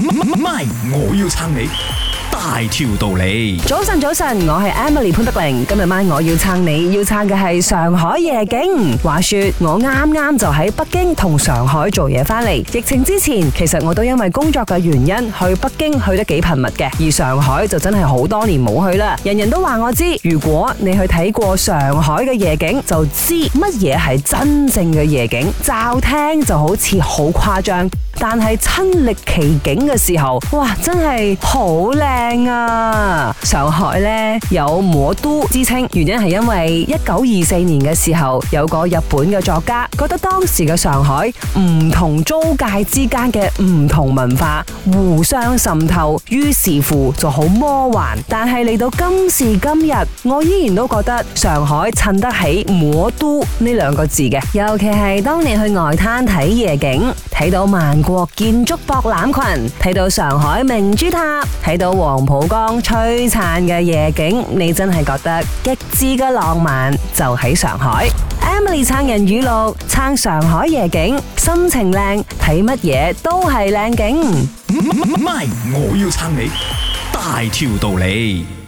唔，唔，Y, 我要撐你。大條道理。早晨，早晨，我係 Emily 潘德玲。今日晚我要撐你，要撐嘅係上海夜景。話說我啱啱就喺北京同上海做嘢翻嚟，疫情之前其實我都因為工作嘅原因，去北京去得幾頻密嘅，而上海就真係好多年冇去啦。人人都話我知，如果你去睇過上海嘅夜景，就知乜嘢係真正嘅夜景。驟聽，就好似好誇張，但係親歷其境嘅時候，哇，真係好靚！啊！上海呢有魔都之稱，原因係因為一九二四年嘅時候，有個日本嘅作家覺得當時嘅上海唔同租界之間嘅唔同文化互相滲透，於是乎就好魔幻。但係嚟到今時今日，我依然都覺得上海襯得起魔都呢兩個字嘅。尤其係當你去外灘睇夜景，睇到萬國建築博覽群，睇到上海明珠塔，睇到黃黃浦江璀璨嘅夜景，你真係覺得極致嘅浪漫就喺上海。Emily 撐人語錄，撐上海夜景，心情靚，睇乜嘢都係靚景。MY，我要撐你，大條道理。